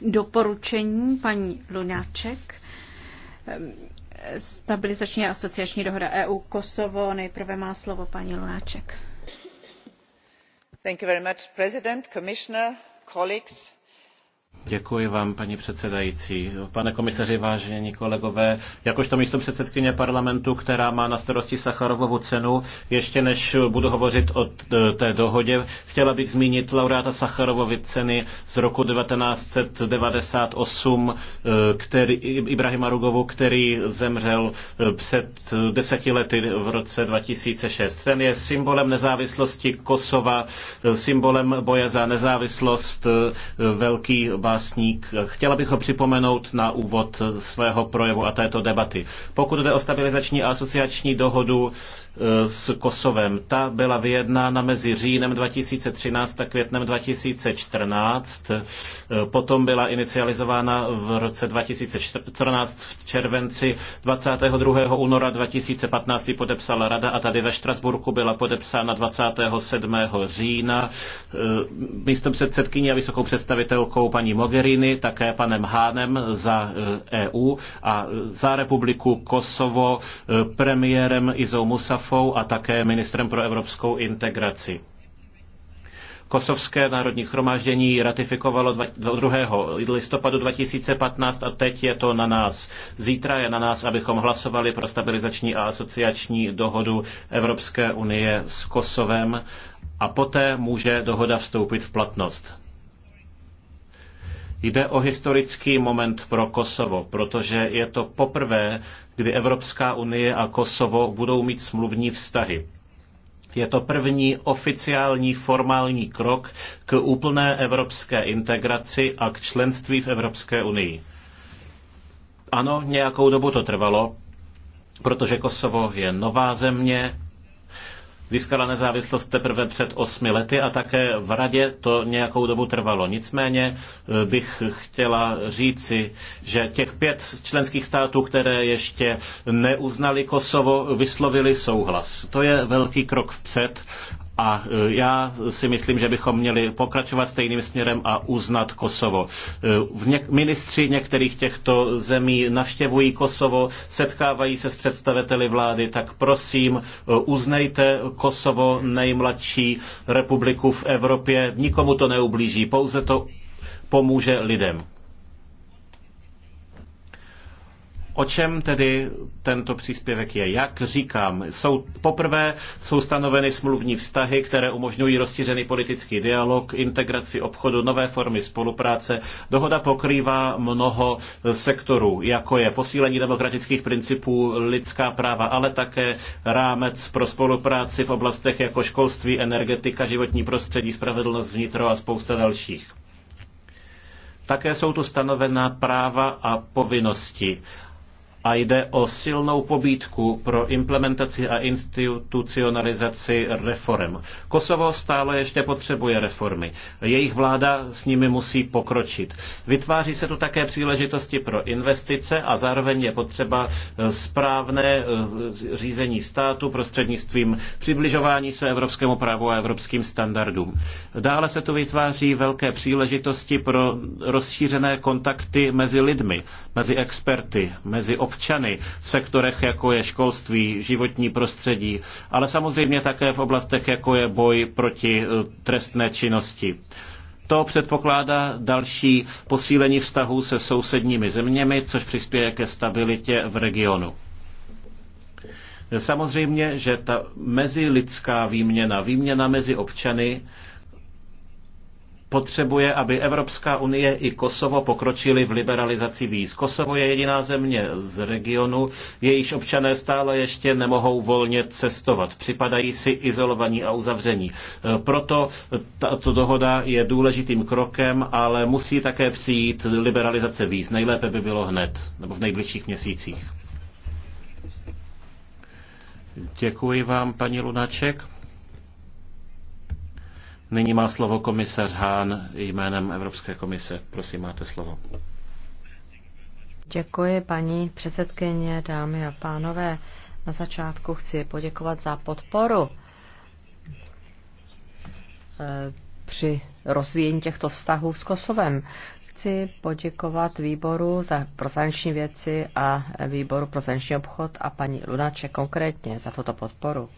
doporučení paní Lunáček. Stabilizační a asociační dohoda EU Kosovo. Nejprve má slovo paní Lunáček. Thank you very much, President, Commissioner, colleagues. Děkuji vám, paní předsedající. Pane komisaři, vážení kolegové, jakožto místo předsedkyně parlamentu, která má na starosti Sacharovovu cenu, ještě než budu hovořit o té dohodě, chtěla bych zmínit laureáta Sacharovovy ceny z roku 1998, eh, který, Ibrahima Rugovu, který zemřel eh, před eh, deseti lety v roce 2006. Ten je symbolem nezávislosti Kosova, symbolem boje za nezávislost velký básník. Chtěla bych ho připomenout na úvod svého projevu a této debaty. Pokud jde o stabilizační a asociační dohodu, Eh, s Kosovem. Ta byla vyjednána mezi říjnem 2013 a květnem 2014. Eh, potom byla inicializována v roce 2014 v červenci. 22. února 2015 podepsala Rada a tady ve Štrasburku byla podepsána 27. října eh, místem předsedkyní a vysokou představitelkou paní Mogherini, také panem Hánem za EU e a za republiku Kosovo premiérem Izou Musaf Safou a také ministrem pro evropskou integraci. Kosovské národní schromáždění ratifikovalo 2. listopadu 2015 a teď je to na nás. Zítra je na nás, abychom hlasovali pro stabilizační a asociační dohodu Evropské unie s Kosovem a poté může dohoda vstoupit v platnost. Jde o historický moment pro Kosovo, protože je to poprvé, kdy Evropská unie a Kosovo budou mít smluvní vztahy. Je to první oficiální formální krok k úplné evropské integraci a k členství v Evropské unii. Ano, nějakou dobu to trvalo, protože Kosovo je nová země, získala nezávislost teprve před osmi lety a také v radě to nějakou dobu trvalo. Nicméně eh, bych chtěla říci, že těch pět členských států, které ještě neuznali Kosovo, vyslovili souhlas. To je velký krok vpřed a e, já si myslím, že bychom měli pokračovat stejným směrem a uznat Kosovo. E, v Ministři některých těchto zemí navštěvují Kosovo, setkávají se s představiteli vlády, tak prosím, e, uznejte Kosovo nejmladší republiku v Evropě. Nikomu to neublíží, pouze to pomůže lidem. O čem tedy tento příspěvek je? Jak říkám, jsou, poprvé jsou stanoveny smluvní vztahy, které umožňují rozšířený politický dialog, integraci obchodu, nové formy spolupráce. Dohoda pokrývá mnoho sektorů, jako je posílení demokratických principů, lidská práva, ale také rámec pro spolupráci v oblastech jako školství, energetika, životní prostředí, spravedlnost vnitro a spousta dalších. Také jsou tu stanovena práva a povinnosti a jde o silnou pobídku pro implementaci a institucionalizaci reform. Kosovo stále ještě potřebuje reformy. Jejich vláda s nimi musí pokročit. Vytváří se tu také příležitosti pro investice a zároveň je potřeba eh, správné eh, řízení státu prostřednictvím přibližování se evropskému právu a evropským standardům. Dále se tu vytváří velké příležitosti pro rozšířené kontakty mezi lidmi, mezi experty, mezi občany občany v sektorech, jako je školství, životní prostředí, ale samozřejmě také v oblastech, jako je boj proti eh, trestné činnosti. To předpokládá další posílení vztahů se sousedními zeměmi, což přispěje ke stabilitě v regionu. Samozřejmě, že ta mezilidská výměna, výměna mezi občany, potřebuje, aby Evropská unie i Kosovo pokročili v liberalizaci víz. Kosovo je jediná země z regionu, jejíž občané stále ještě nemohou volně cestovat. Připadají si izolovaní a uzavření. E, proto tato dohoda je důležitým krokem, ale musí také přijít liberalizace víz. Nejlépe by bylo hned, nebo v nejbližších měsících. Děkuji vám, paní Lunaček. Nyní má slovo komisař Hán jménem Evropské komise. Prosím, máte slovo. Děkuji, paní předsedkyně, dámy a pánové. Na začátku chci poděkovat za podporu eh, při rozvíjení těchto vztahů s Kosovem. Chci poděkovat výboru za prozranční věci a výboru pro zahraniční obchod a paní Lunače konkrétně za tuto podporu.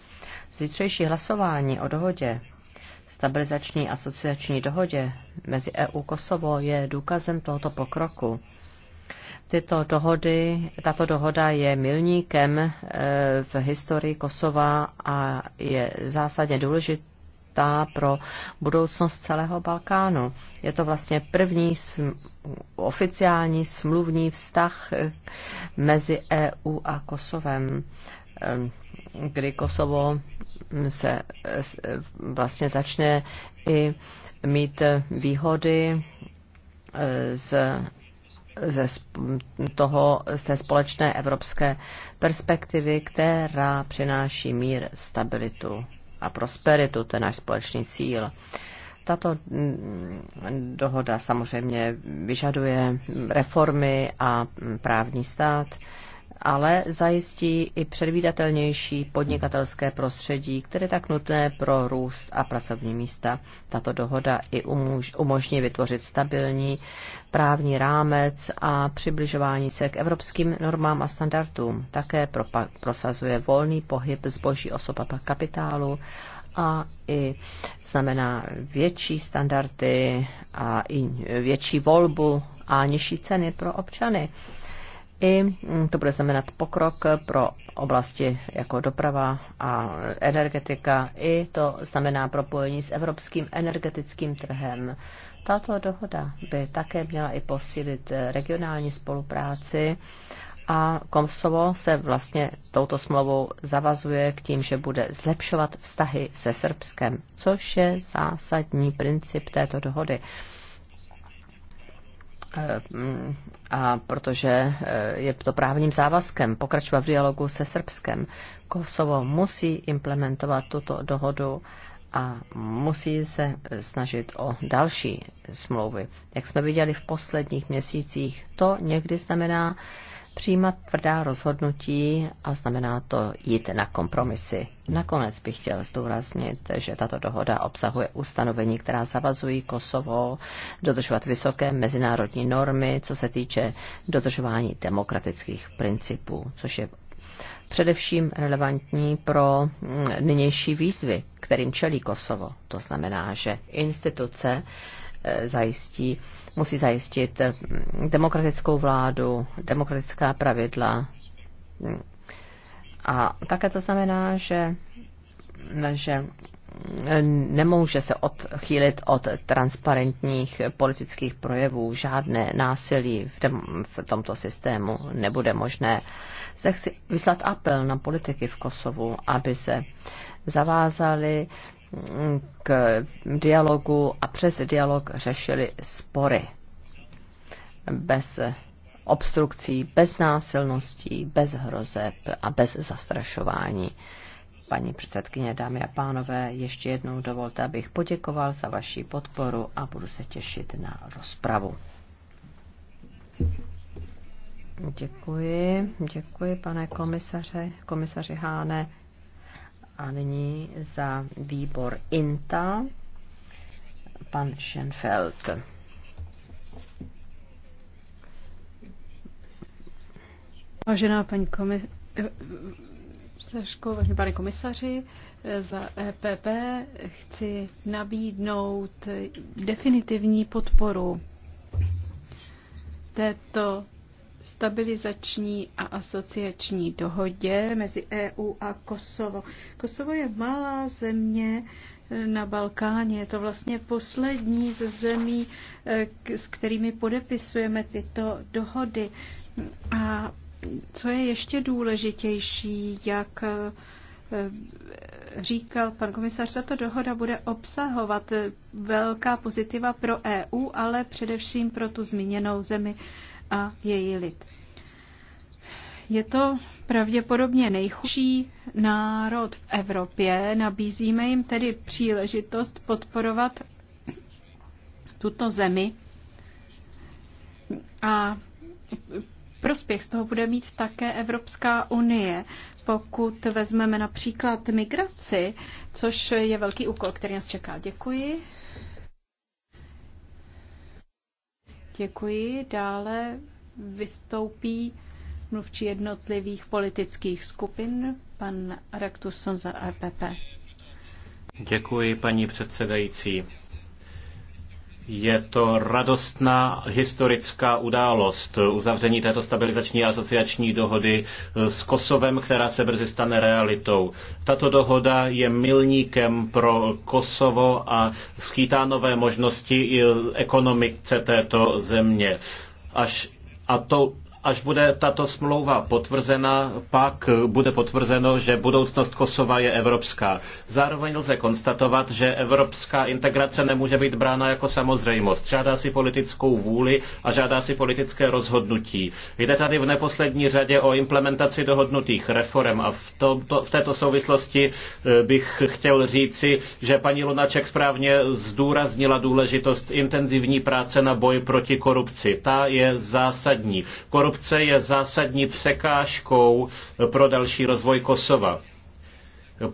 Zítřejší hlasování o dohodě stabilizační asociační dohodě mezi EU Kosovo je důkazem tohoto pokroku. Tyto dohody, tato dohoda je milníkem e, v historii Kosova a je zásadně důležitá pro budoucnost celého Balkánu. Je to vlastně první sm- oficiální smluvní vztah e, mezi EU a Kosovem kdy Kosovo se vlastně začne i mít výhody e, z, ze toho, z té společné evropské perspektivy, která přináší mír, stabilitu a prosperitu, to je náš společný cíl. Tato mm, dohoda samozřejmě vyžaduje reformy a právní stát ale zajistí i předvídatelnější podnikatelské prostředí, které je tak nutné pro růst a pracovní místa. Tato dohoda i umožní vytvořit stabilní právní rámec a přibližování se k evropským normám a standardům. Také prosazuje volný pohyb zboží osob a kapitálu a i znamená větší standardy a i větší volbu a nižší ceny pro občany i mm, to bude znamenat pokrok pro oblasti jako doprava a energetika. I to znamená propojení s evropským energetickým trhem. Tato dohoda by také měla i posílit eh, regionální spolupráci a Kosovo se vlastně touto smlouvou zavazuje k tím, že bude zlepšovat vztahy se Srbskem, což je zásadní princip této dohody. Eh, mm, a protože eh, je to právním závazkem pokračovat v dialogu se Srbskem. Kosovo musí implementovat tuto dohodu a musí se eh, snažit o další smlouvy. Jak jsme viděli v posledních měsících, to někdy znamená přijímat tvrdá rozhodnutí a znamená to jít na kompromisy. Nakonec bych chtěl zdůraznit, že tato dohoda obsahuje ustanovení, která zavazují Kosovo dodržovat vysoké mezinárodní normy, co se týče dodržování demokratických principů, což je především relevantní pro mm, nynější výzvy, kterým čelí Kosovo. To znamená, že instituce zajistí, musí zajistit demokratickou vládu, demokratická pravidla. A také to znamená, že, že nemůže se odchýlit od transparentních politických projevů. Žádné násilí v, dem, v tomto systému nebude možné. Zde chci vyslat apel na politiky v Kosovu, aby se zavázali k dialogu a přes dialog řešili spory. Bez obstrukcí, bez násilností, bez hrozeb a bez zastrašování. Paní předsedkyně, dámy a pánové, ještě jednou dovolte, abych poděkoval za vaši podporu a budu se těšit na rozpravu. Děkuji, děkuji pane komisaře, komisaři Háne. A nyní za výbor INTA pan Schenfeld. Vážená paní komisařko, vážený pane komisaři, za EPP chci nabídnout definitivní podporu této stabilizační a asociační dohodě mezi EU a Kosovo. Kosovo je malá země na Balkáně. Je to vlastně poslední ze zemí, eh, s kterými podepisujeme tyto dohody. A co je ještě důležitější, jak eh, eh, říkal pan komisař, tato dohoda bude obsahovat velká pozitiva pro EU, ale především pro tu zmíněnou zemi a její lid. Je to pravděpodobně nejchudší národ v Evropě. Nabízíme jim tedy příležitost podporovat tuto zemi a prospěch z toho bude mít také Evropská unie. Pokud vezmeme například migraci, což je velký úkol, který nás čeká. Děkuji. Děkuji. Dále vystoupí mluvčí jednotlivých politických skupin, pan Raktuson za EPP. Děkuji, paní předsedající. Je to radostná historická událost uzavření této stabilizační a asociační dohody eh, s Kosovem, která se brzy stane realitou. Tato dohoda je milníkem pro Kosovo a skýtá nové možnosti i ekonomice této země. Až a to až bude tato smlouva potvrzena, pak bude potvrzeno, že budoucnost Kosova je evropská. Zároveň lze konstatovat, že evropská integrace nemůže být brána jako samozřejmost. Žádá si politickou vůli a žádá si politické rozhodnutí. Jde tady v neposlední řadě o implementaci dohodnutých reform a v, to, to, v této souvislosti eh, bych chtěl říci, že paní Lunaček správně zdůraznila důležitost intenzivní práce na boj proti korupci. Ta je zásadní. Korup Korupce je zásadní překážkou pro další rozvoj Kosova.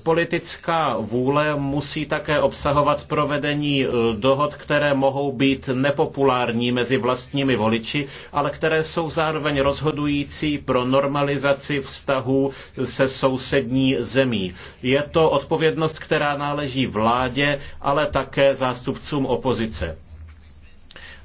Politická vůle musí také obsahovat provedení eh, dohod, které mohou být nepopulární mezi vlastními voliči, ale které jsou zároveň rozhodující pro normalizaci vztahů se sousední zemí. Je to odpovědnost, která náleží vládě, ale také zástupcům opozice.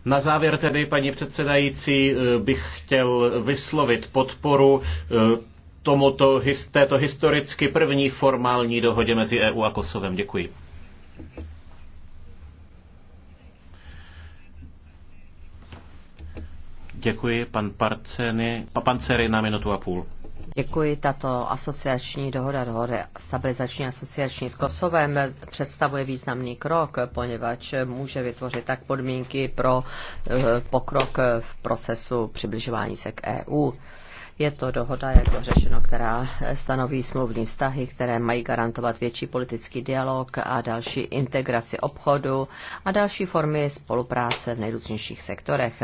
Na závěr tedy, paní předsedající, eh, bych chtěl vyslovit podporu eh, tomuto, této historicky první formální dohodě mezi EU a Kosovem. Děkuji. Děkuji, pan Parceny, pan Cery na minutu a půl. Děkuji. Tato asociační dohoda, dohoda stabilizační asociační s Kosovem představuje významný krok, poněvadž může vytvořit tak podmínky pro eh, pokrok v procesu přibližování se k EU. Je to dohoda, jak bylo řešeno, která stanoví smluvní vztahy, které mají garantovat větší politický dialog a další integraci obchodu a další formy spolupráce v nejrůznějších sektorech.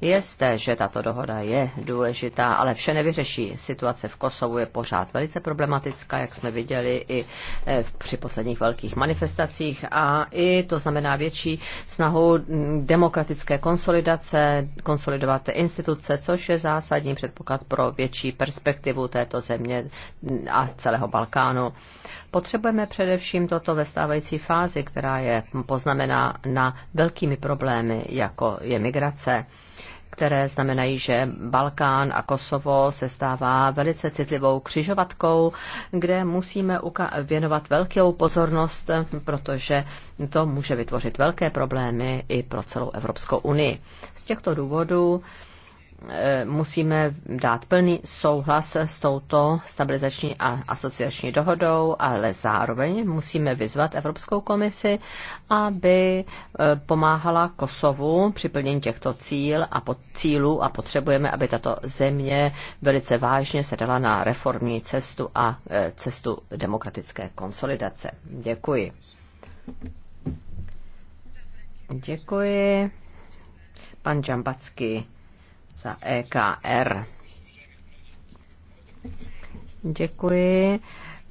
Je zde, že tato dohoda je důležitá, ale vše nevyřeší. Situace v Kosovu je pořád velice problematická, jak jsme viděli i eh, při posledních velkých manifestacích a i to znamená větší snahu mm, demokratické konsolidace, konsolidovat instituce, což je zásadní předpoklad pro větší perspektivu této země a celého Balkánu. Potřebujeme především toto ve stávající fázi, která je poznamená na velkými problémy, jako je migrace které znamenají, že Balkán a Kosovo se stává velice citlivou křižovatkou, kde musíme věnovat velkou pozornost, protože to může vytvořit velké problémy i pro celou Evropskou unii. Z těchto důvodů Eh, musíme dát plný souhlas s touto stabilizační a asociační dohodou, ale zároveň musíme vyzvat Evropskou komisi, aby eh, pomáhala Kosovu při plnění těchto cíl a pod cílů a potřebujeme, aby tato země velice vážně se dala na reformní cestu a eh, cestu demokratické konsolidace. Děkuji. Děkuji. Pan Džambacký za EKR. Děkuji.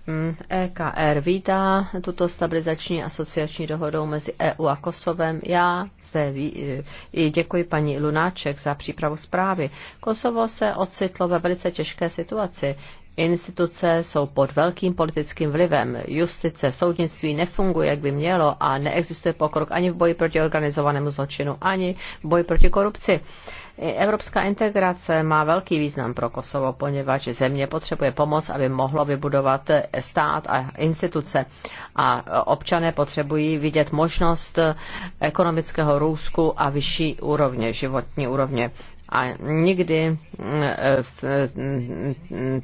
Mm, EKR vítá tuto stabilizační asociační dohodou mezi EU a Kosovem. Já zde ví, i děkuji paní Lunáček za přípravu zprávy. Kosovo se ocitlo ve velice těžké situaci. Instituce jsou pod velkým politickým vlivem. Justice, soudnictví nefunguje, jak by mělo a neexistuje pokrok ani v boji proti organizovanému zločinu, ani v boji proti korupci. Evropská integrace má velký význam pro Kosovo, poněvadž země potřebuje pomoc, aby mohlo vybudovat stát a instituce. A občané potřebují vidět možnost ekonomického růzku a vyšší úrovně, životní úrovně a nikdy mm, e, mm,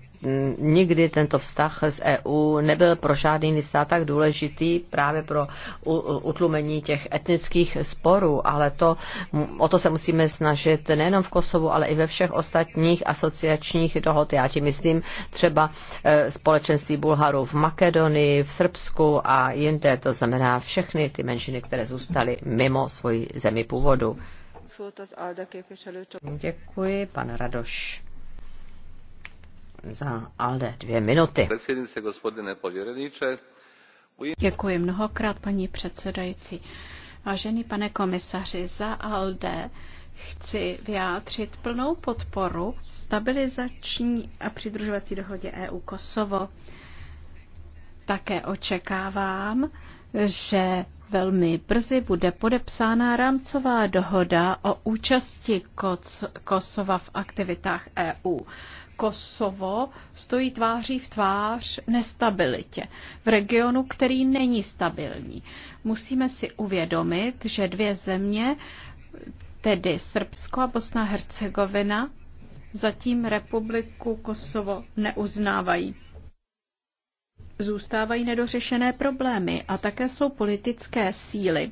nikdy tento vztah z EU nebyl pro žádný stát tak důležitý právě pro utlumení těch etnických sporů, ale to, o to se musíme snažit nejenom v Kosovu, ale i ve všech ostatních asociačních dohod. Já ti myslím třeba e, společenství Bulharů v Makedonii, v Srbsku a jinde, to znamená všechny ty menšiny, které zůstaly mimo svoji zemi původu. Děkuji, pan Radoš. Za ALDE dvě minuty. Děkuji mnohokrát, paní předsedající. Vážený pane komisaři, za ALDE chci vyjádřit plnou podporu stabilizační a přidružovací dohodě EU Kosovo. Také očekávám, že velmi brzy bude podepsána rámcová dohoda o účasti Kosova v aktivitách EU. Kosovo stojí tváří v tvář nestabilitě v regionu, který není stabilní. Musíme si uvědomit, že dvě země, tedy Srbsko a Bosna Hercegovina, zatím republiku Kosovo neuznávají zůstávají nedořešené problémy a také jsou politické síly,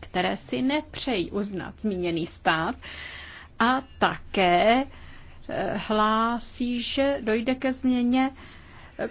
které si nepřejí uznat zmíněný stát a také eh, hlásí, že dojde ke změně eh,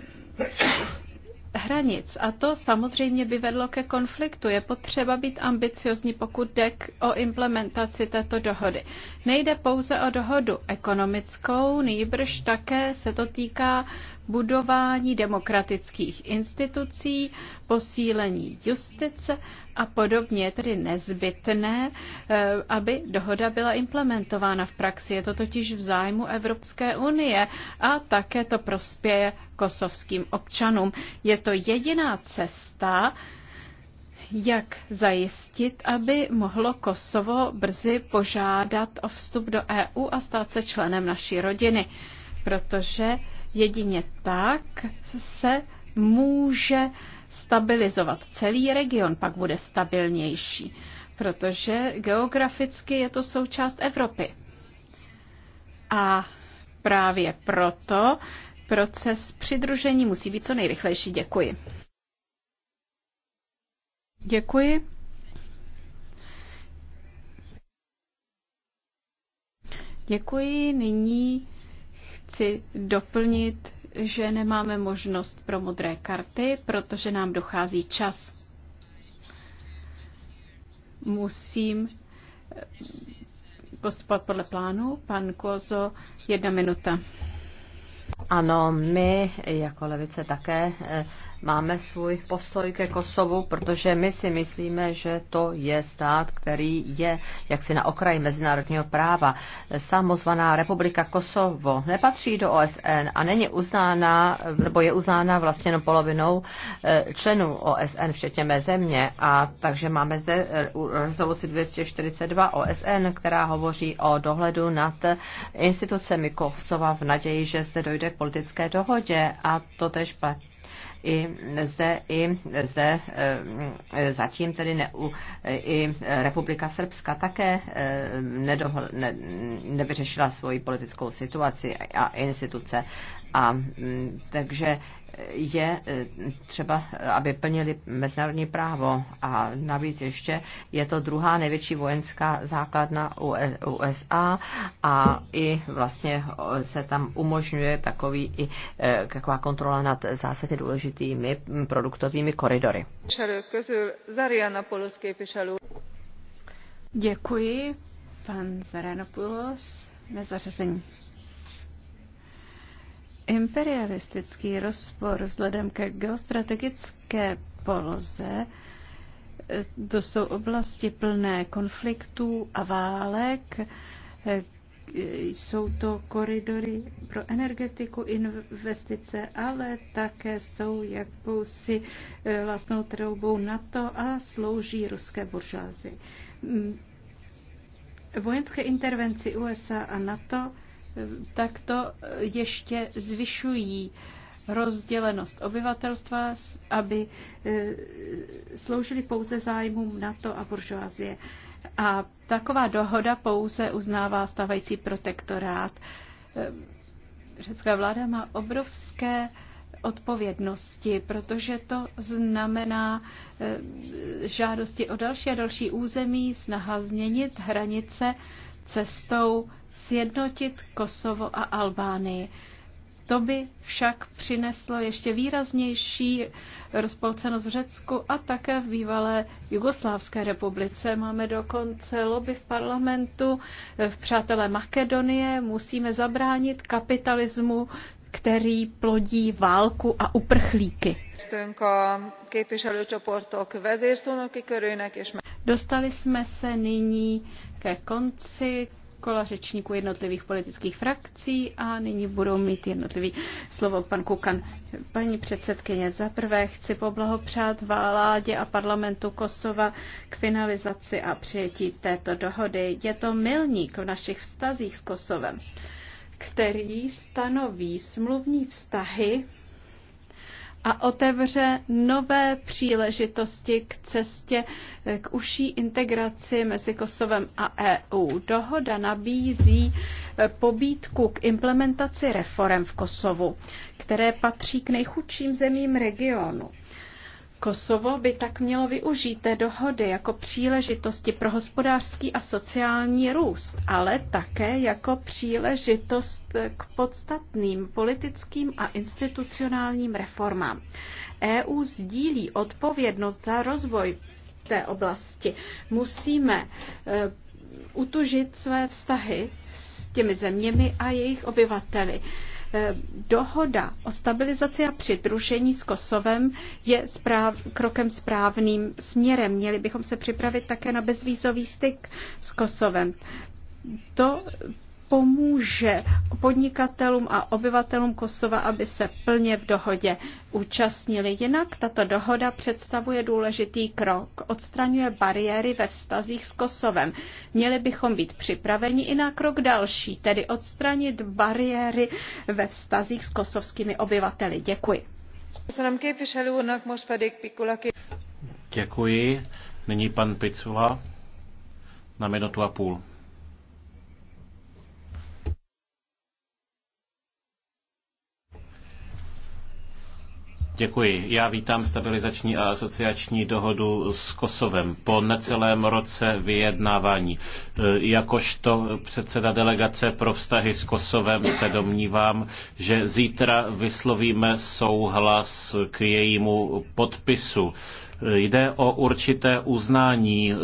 hranic. A to samozřejmě by vedlo ke konfliktu. Je potřeba být ambiciozní, pokud jde o implementaci této dohody. Nejde pouze o dohodu ekonomickou, nejbrž také se to týká budování demokratických institucí, posílení justice a podobně tedy nezbytné, eh, aby dohoda byla implementována v praxi. Je to totiž v zájmu Evropské unie a také to prospěje kosovským občanům. Je to jediná cesta, jak zajistit, aby mohlo Kosovo brzy požádat o vstup do EU a stát se členem naší rodiny, protože Jedině tak se může stabilizovat celý region, pak bude stabilnější, protože geograficky je to součást Evropy. A právě proto proces přidružení musí být co nejrychlejší. Děkuji. Děkuji. Děkuji. Nyní chci doplnit, že nemáme možnost pro modré karty, protože nám dochází čas. Musím eh, postupovat podle plánu. Pan Kozo, jedna minuta. Ano, my jako levice také eh, máme svůj postoj ke Kosovu, protože my si myslíme, že to je stát, který je jaksi na okraji mezinárodního práva. Samozvaná republika Kosovo nepatří do OSN a není uznána, nebo je uznána vlastně jenom polovinou eh, členů OSN, včetně mé země. A takže máme zde eh, rezoluci 242 OSN, která hovoří o dohledu nad institucemi Kosova v naději, že zde dojde k politické dohodě a to tež platí i zde, i zde eh, zatím tedy ne, i Republika Srbska také eh, nedohl, ne, nevyřešila svoji politickou situaci a instituce. A mm, takže je eh, třeba, eh, aby plnili mezinárodní právo. A navíc ještě je to druhá největší vojenská základna USA e, a i vlastně eh, se tam umožňuje takový i taková kontrola nad zásadně důležitými produktovými koridory. Děkuji, pan Zarianopoulos, nezařazení imperialistický rozpor vzhledem ke geostrategické poloze, to jsou oblasti plné konfliktů a válek, jsou to koridory pro energetiku, investice, ale také jsou jakousi eh, vlastnou troubou NATO a slouží ruské buržázy. Vojenské intervenci USA a NATO tak to ještě zvyšují rozdělenost obyvatelstva, aby eh, sloužili pouze zájmům NATO a buržoazie. A taková dohoda pouze uznává stávající protektorát. Eh, řecká vláda má obrovské odpovědnosti, protože to znamená eh, žádosti o další a další území, snaha změnit hranice cestou sjednotit Kosovo a Albánii. To by však přineslo ještě výraznější rozpolcenost v Řecku a také v bývalé Jugoslávské republice. Máme dokonce lobby v parlamentu v přátelé Makedonie. Musíme zabránit kapitalismu, který plodí válku a uprchlíky. Dostali jsme se nyní ke konci kola řečníků jednotlivých politických frakcí a nyní budou mít jednotlivý slovo pan Kukan. Paní předsedkyně, za prvé chci poblahopřát vládě a parlamentu Kosova k finalizaci a přijetí této dohody. Je to milník v našich vztazích s Kosovem, který stanoví smluvní vztahy a otevře nové příležitosti k cestě eh, k užší integraci mezi Kosovem a EU. Dohoda nabízí eh, pobídku k implementaci reform v Kosovu, které patří k nejchudším zemím regionu. Kosovo by tak mělo využít té dohody jako příležitosti pro hospodářský a sociální růst, ale také jako příležitost k podstatným politickým a institucionálním reformám. EU sdílí odpovědnost za rozvoj té oblasti. Musíme eh, utužit své vztahy s těmi zeměmi a jejich obyvateli. Eh, dohoda o stabilizaci a přidružení s Kosovem je správ, krokem správným směrem. Měli bychom se připravit také na bezvýzový styk s Kosovem. To pomůže podnikatelům a obyvatelům Kosova, aby se plně v dohodě účastnili. Jinak tato dohoda představuje důležitý krok, odstraňuje bariéry ve vztazích s Kosovem. Měli bychom být připraveni i na krok další, tedy odstranit bariéry ve vztazích s kosovskými obyvateli. Děkuji. Děkuji. Nyní pan Picula na minutu a půl. Děkuji. Já vítám stabilizační a asociační dohodu s Kosovem po necelém roce vyjednávání. Eh, jakožto předseda delegace pro vztahy s Kosovem se domnívám, že zítra vyslovíme souhlas k jejímu podpisu Jde o určité uznání e,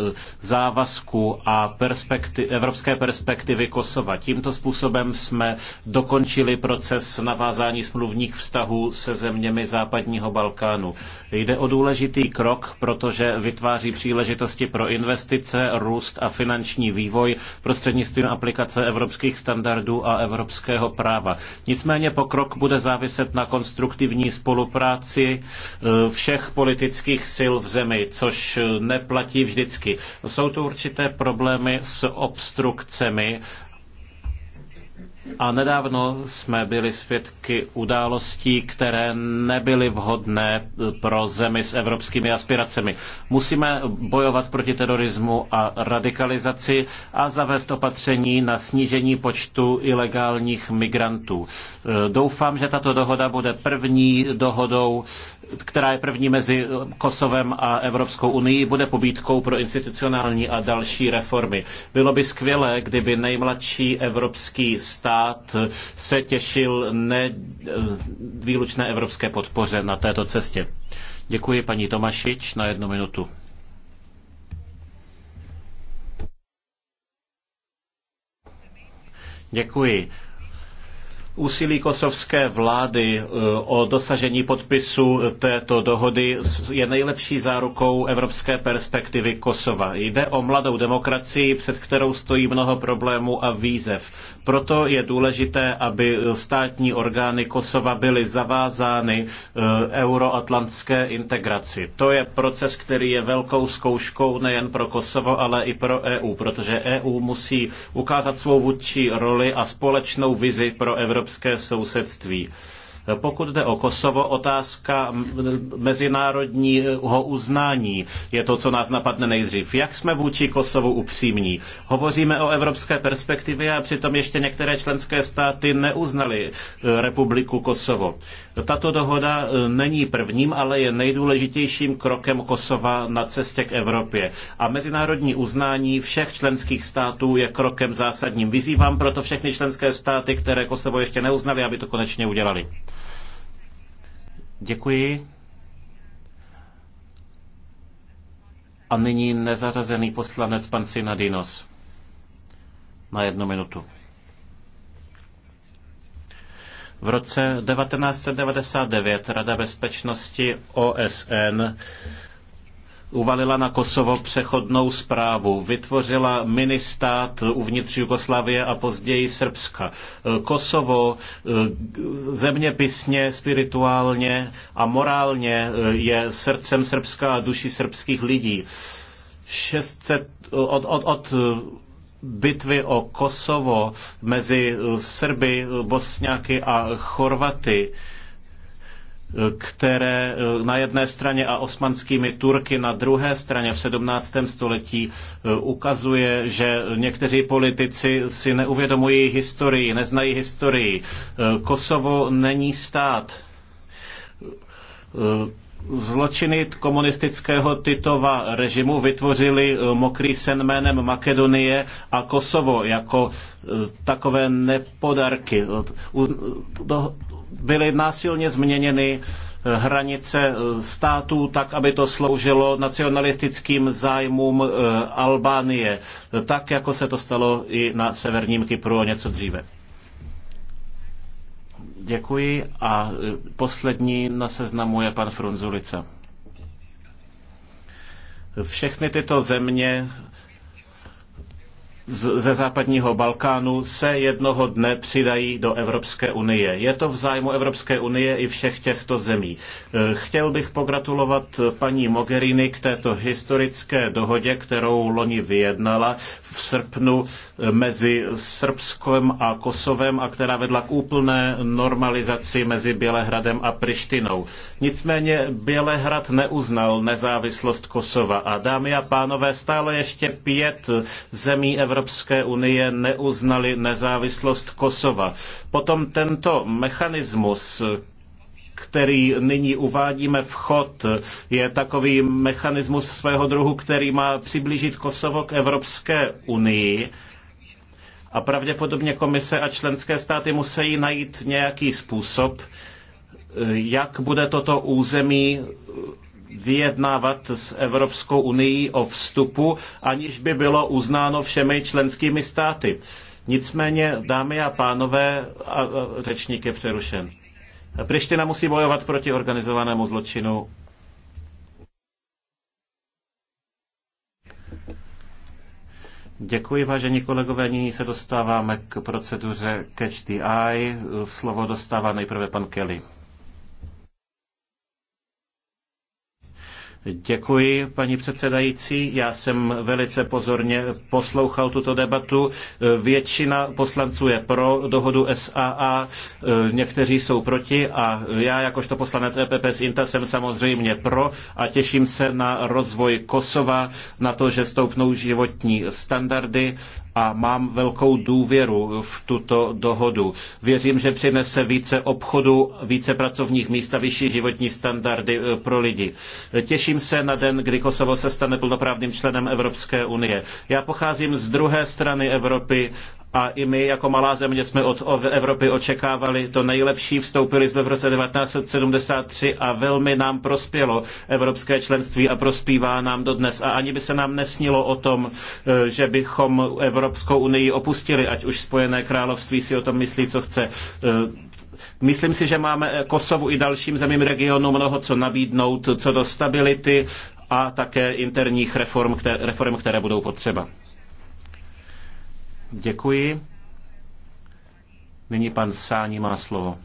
závazku a perspekty, evropské perspektivy Kosova. Tímto způsobem jsme dokončili proces navázání smluvních vztahů se zeměmi západního Balkánu. Jde o důležitý krok, protože vytváří příležitosti pro investice, růst a finanční vývoj prostřednictvím aplikace evropských standardů a evropského práva. Nicméně pokrok bude záviset na konstruktivní spolupráci e, všech politických sil sil v zemi, což eh, neplatí vždycky. Jsou tu určité problémy s obstrukcemi a nedávno jsme byli svědky událostí, které nebyly vhodné pro zemi s evropskými aspiracemi. Musíme bojovat proti terorismu a radikalizaci a zavést opatření na snížení počtu ilegálních migrantů. Doufám, že tato dohoda bude první dohodou, která je první mezi Kosovem a Evropskou unii, bude pobídkou pro institucionální a další reformy. Bylo by skvělé, kdyby nejmladší evropský stát rád se těšil ne, výlučné evropské podpoře na této cestě. Děkuji paní Tomašič na jednu minutu. Děkuji. Úsilí kosovské vlády e, o dosažení podpisu této dohody je nejlepší zárukou evropské perspektivy Kosova. Jde o mladou demokracii, před kterou stojí mnoho problémů a výzev. Proto je důležité, aby státní orgány Kosova byly zavázány e, euroatlantské integraci. To je proces, který je velkou zkouškou nejen pro Kosovo, ale i pro EU, protože EU musí ukázat svou vůdčí roli a společnou vizi pro Evropu evropské sousedství. Pokud jde o Kosovo, otázka mezinárodního uznání je to, co nás napadne nejdřív. Jak jsme vůči Kosovu upřímní? Hovoříme o evropské perspektivě a přitom ještě některé členské státy neuznaly e, republiku Kosovo. Tato dohoda e, není prvním, ale je nejdůležitějším krokem Kosova na cestě k Evropě. A mezinárodní uznání všech členských států je krokem zásadním. Vyzývám proto všechny členské státy, které Kosovo ještě neuznali, aby to konečně udělali. Děkuji. A nyní nezařazený poslanec pan Sinadinos. Na jednu minutu. V roce 1999 Rada bezpečnosti OSN uvalila na Kosovo přechodnou zprávu, vytvořila ministát uvnitř Jugoslávie a později Srbska. Kosovo eh, zeměpisně, spirituálně a morálně eh, je srdcem Srbska a duší srbských lidí. 600, od, od, od bitvy o Kosovo mezi Srby, Bosňáky a Chorvaty které eh, na jedné straně a osmanskými Turky na druhé straně v 17. století eh, ukazuje, že někteří politici si neuvědomují historii, neznají historii. Eh, Kosovo není stát. Zločiny komunistického Titova režimu vytvořili mokrý sen jménem Makedonie a Kosovo jako takové nepodarky byly násilně změněny eh, hranice eh, států tak, aby to sloužilo nacionalistickým zájmům eh, Albánie, tak jako se to stalo i na severním Kypru o něco dříve. Děkuji a poslední na seznamu je pan Frunzulica. Všechny tyto země ze západního Balkánu se jednoho dne přidají do Evropské unie. Je to v zájmu Evropské unie i všech těchto zemí. E, chtěl bych pogratulovat paní Mogherini k této historické dohodě, kterou loni vyjednala v srpnu e, mezi Srbskem a Kosovem a která vedla k úplné normalizaci mezi Bělehradem a Prištinou. Nicméně Bělehrad neuznal nezávislost Kosova a dámy a pánové, stále ještě pět zemí Evropské Evropské unie neuznali nezávislost Kosova. Potom tento mechanismus, který nyní uvádíme v chod, je takový mechanismus svého druhu, který má přiblížit Kosovo k Evropské unii. A pravděpodobně komise a členské státy musí najít nějaký způsob, jak bude toto území vyjednávat s Evropskou unii o vstupu, aniž by bylo uznáno všemi členskými státy. Nicméně, dámy a pánové, a, a, řečník je přerušen. Priština musí bojovat proti organizovanému zločinu. Děkuji, vážení kolegové. Nyní se dostáváme k proceduře Catch the Eye. Slovo dostává nejprve pan Kelly. Děkuji, paní předsedající. Já jsem velice pozorně poslouchal tuto debatu. Většina poslanců je pro dohodu SAA, někteří jsou proti a já jakožto poslanec EPP z INTA jsem samozřejmě pro a těším se na rozvoj Kosova, na to, že stoupnou životní standardy a mám velkou důvěru v tuto dohodu. Věřím, že přinese více obchodu, více pracovních míst a vyšší životní standardy eh, pro lidi. Těším se na den, kdy Kosovo se stane plnoprávným členem Evropské unie. Já pocházím z druhé strany Evropy a i my jako malá země jsme od Evropy očekávali to nejlepší. Vstoupili jsme v roce 1973 a velmi nám prospělo evropské členství a prospívá nám dodnes. A ani by se nám nesnilo o tom, e, že bychom Evropskou unii opustili, ať už Spojené království si o tom myslí, co chce. E, myslím si, že máme Kosovu i dalším zemím regionu mnoho co nabídnout, co do stability a také interních reform, které, reform, které budou potřeba. Děkuji. Nyní pan Sáni má slovo.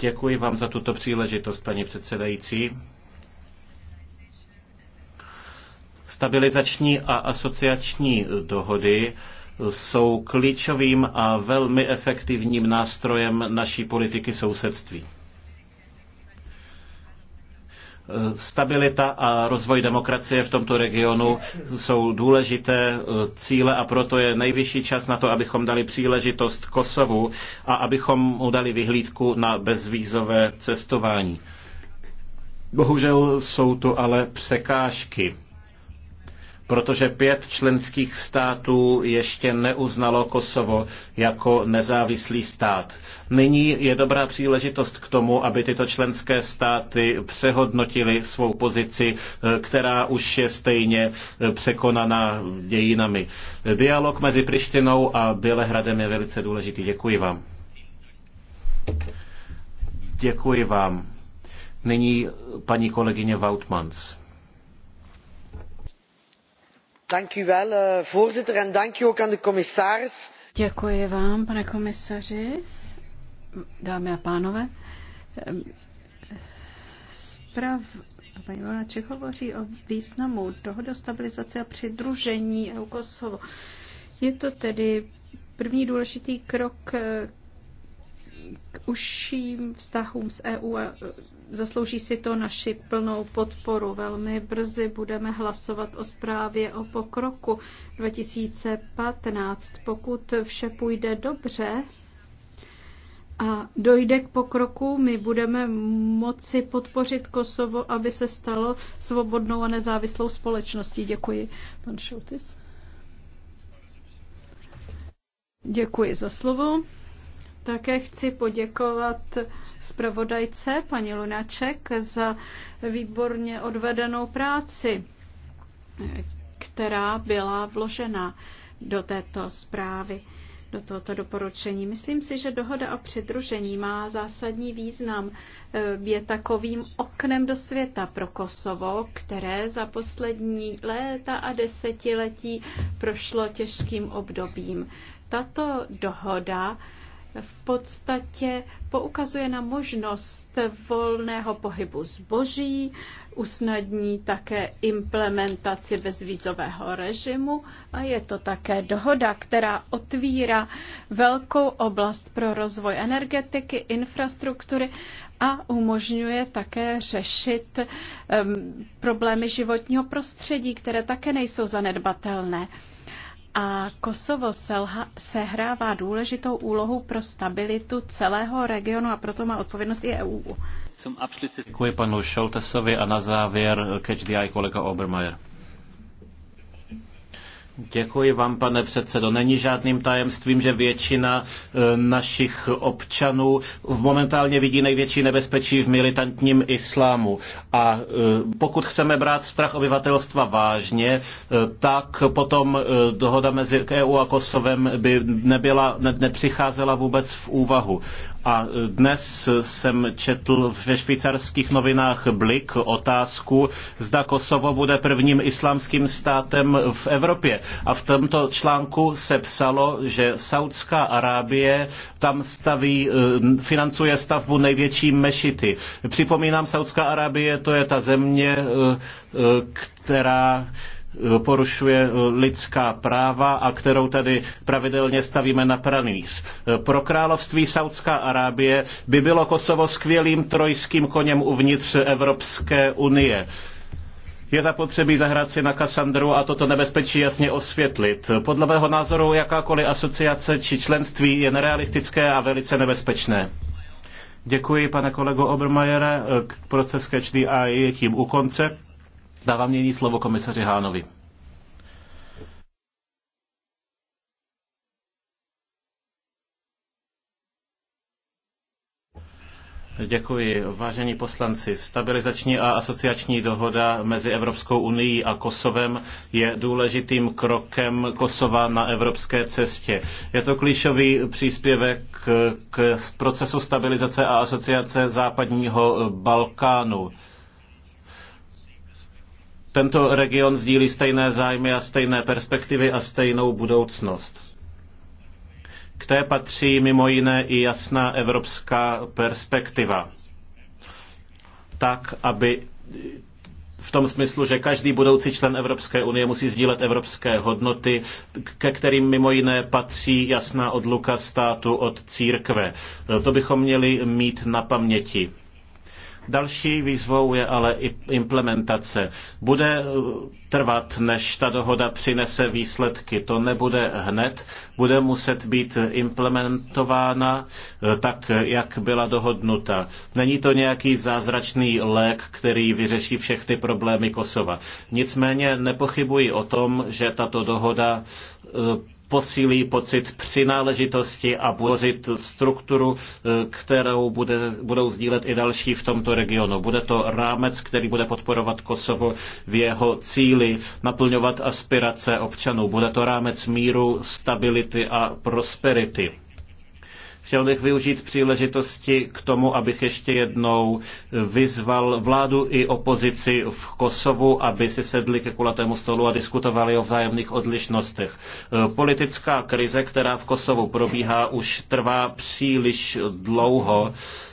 Děkuji vám za tuto příležitost, paní předsedající. Stabilizační a asociační dohody jsou klíčovým a velmi efektivním nástrojem naší politiky sousedství. Eh, stabilita a rozvoj demokracie v tomto regionu jsou důležité eh, cíle a proto je nejvyšší čas na to, abychom dali příležitost Kosovu a abychom mu dali vyhlídku na bezvízové cestování. Bohužel jsou tu ale překážky protože pět členských států ještě neuznalo Kosovo jako nezávislý stát. Nyní je dobrá příležitost k tomu, aby tyto členské státy přehodnotili svou pozici, eh, která už je stejně eh, překonaná dějinami. Dialog mezi Prištinou a Bělehradem je velice důležitý. Děkuji vám. Děkuji vám. Nyní paní kolegyně Vautmans. Eh, voorzitter dank u ook aan de commissaris. děkuji vám pane komisaři dámy a pánové ehm, paní Voláček hovoří o významu dohody o stabilizaci a přidružení EU Kosovo. Je to tedy první důležitý krok eh, k užším vztahům s EU a zaslouží si to naši plnou podporu. Velmi brzy budeme hlasovat o zprávě o pokroku 2015. Pokud vše půjde dobře, a dojde k pokroku, my budeme moci podpořit Kosovo, aby se stalo svobodnou a nezávislou společností. Děkuji. Pan Šoutis. Děkuji za slovo. Také chci poděkovat zpravodajce paní Lunaček za výborně odvedenou práci, která byla vložena do této zprávy, do tohoto doporučení. Myslím si, že dohoda o přidružení má zásadní význam. Je takovým oknem do světa pro Kosovo, které za poslední léta a desetiletí prošlo těžkým obdobím. Tato dohoda v podstatě poukazuje na možnost volného pohybu zboží, usnadní také implementaci bezvízového režimu a je to také dohoda, která otvírá velkou oblast pro rozvoj energetiky, infrastruktury a umožňuje také řešit um, problémy životního prostředí, které také nejsou zanedbatelné a Kosovo sehrává důležitou úlohu pro stabilitu celého regionu a proto má odpovědnost i EU. Děkuji panu Šoltesovi a na závěr catch the eye kolega Obermeier. Děkuji vám, pane předsedo. Není žádným tajemstvím, že většina e, našich občanů momentálně vidí největší nebezpečí v militantním islámu. A e, pokud chceme brát strach obyvatelstva vážně, e, tak potom dohoda mezi EU a Kosovem by nebyla, ne, nepřicházela vůbec v úvahu. A dnes jsem četl ve švýcarských novinách Blik otázku, zda Kosovo bude prvním islámským státem v Evropě. A v tomto článku se psalo, že Saudská Arábie tam staví, eh, financuje stavbu největší mešity. Připomínám, Saudská Arábie to je ta země, eh, eh, která porušuje lidská práva a kterou tady pravidelně stavíme na pranýř. Pro království Saudská Arábie by bylo Kosovo skvělým trojským koněm uvnitř Evropské unie je zapotřebí zahrát si na Kassandru a toto nebezpečí jasně osvětlit. Podle mého názoru jakákoliv asociace či členství je nerealistické a velice nebezpečné. Děkuji, pane kolego Obermajere. Proces Catch the Eye je tím u konce. Dávám nyní slovo komisaři Hánovi. Děkuji. Vážení poslanci, stabilizační a asociační dohoda mezi Evropskou unií a Kosovem je důležitým krokem Kosova na evropské cestě. Je to klíčový příspěvek k procesu stabilizace a asociace západního Balkánu. Tento region sdílí stejné zájmy a stejné perspektivy a stejnou budoucnost. K té patří mimo jiné i jasná evropská perspektiva. Tak, aby v tom smyslu, že každý budoucí člen Evropské unie musí sdílet evropské hodnoty, ke kterým mimo jiné patří jasná odluka státu od církve. To bychom měli mít na paměti. Další výzvou je ale i implementace. Bude eh, trvat, než ta dohoda přinese výsledky. To nebude hned, bude muset být implementována eh, tak, jak byla dohodnuta. Není to nějaký zázračný lék, který vyřeší všechny problémy Kosova. Nicméně nepochybuji o tom, že tato dohoda eh, posílí pocit přináležitosti a bořit strukturu, eh, kterou bude, budou sdílet i další v tomto regionu. Bude to rámec, který bude podporovat Kosovo v jeho cíli naplňovat aspirace občanů. Bude to rámec míru, stability a prosperity. Chtěl bych využít příležitosti k tomu, abych ještě jednou vyzval vládu i opozici v Kosovu, aby si sedli ke kulatému stolu a diskutovali o vzájemných odlišnostech. Politická krize, která v Kosovu probíhá, už trvá příliš dlouho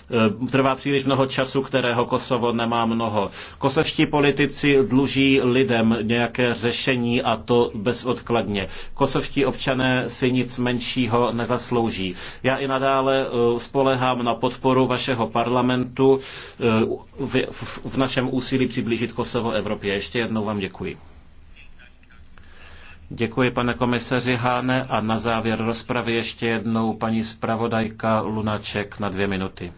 Eh, trvá příliš mnoho času, kterého Kosovo nemá mnoho. Kosovští politici dluží lidem nějaké řešení a to bezodkladně. Kosovští občané si nic menšího nezaslouží. Já i nadále eh, spolehám na podporu vašeho parlamentu eh, v našem úsilí přiblížit Kosovo Evropě. Ještě jednou vám děkuji. Děkuji, pane komisaři Háne. A na závěr rozpravy ještě jednou paní zpravodajka Lunaček na dvě minuty.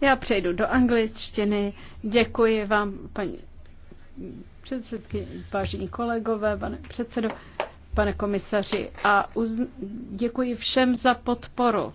Já přejdu do angličtiny. Děkuji vám, paní předsedky, vážení kolegové, pane předsedo, pane komisaři a uzn- děkuji všem za podporu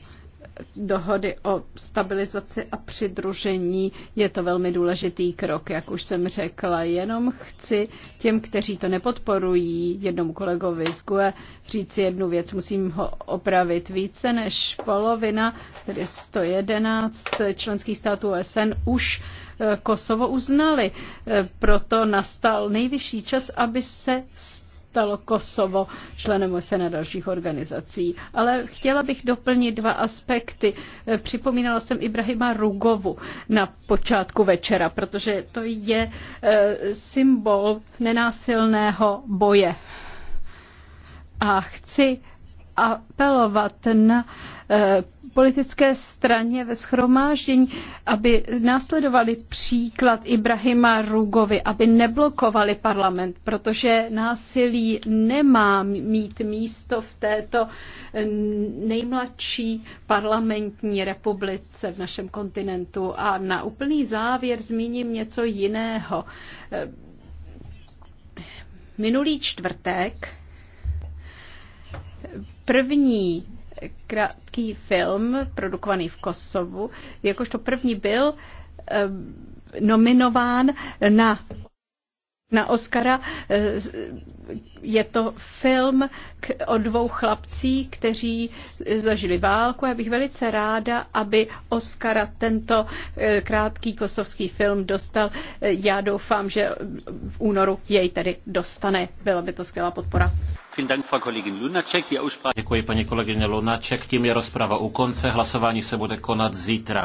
dohody o stabilizaci a přidružení je to velmi důležitý krok, jak už jsem řekla. Jenom chci těm, kteří to nepodporují, jednomu kolegovi z GUE říct jednu věc. Musím ho opravit. Více než polovina, tedy 111 členských států OSN už eh, Kosovo uznali. Eh, proto nastal nejvyšší čas, aby se stalo Kosovo členem OSN a dalších organizací. Ale chtěla bych doplnit dva aspekty. Eh, připomínala jsem Ibrahima Rugovu na počátku večera, protože to je eh, symbol nenásilného boje. A chci apelovat na eh, politické straně ve schromáždění, aby následovali příklad Ibrahima Rugovi, aby neblokovali parlament, protože násilí nemá mít místo v této eh, nejmladší parlamentní republice v našem kontinentu. A na úplný závěr zmíním něco jiného. Eh, minulý čtvrtek První krátký film produkovaný v Kosovu, jakožto první byl eh, nominován na na Oscara. Eh, je to film o dvou chlapcích, kteří eh, zažili válku. Já bych velice ráda, aby Oscara tento eh, krátký kosovský film dostal. Já doufám, že v únoru jej tedy dostane. Byla by to skvělá podpora. Děkuji paní kolegyně Lunaček. Tím je rozprava u konce. Hlasování se bude konat zítra.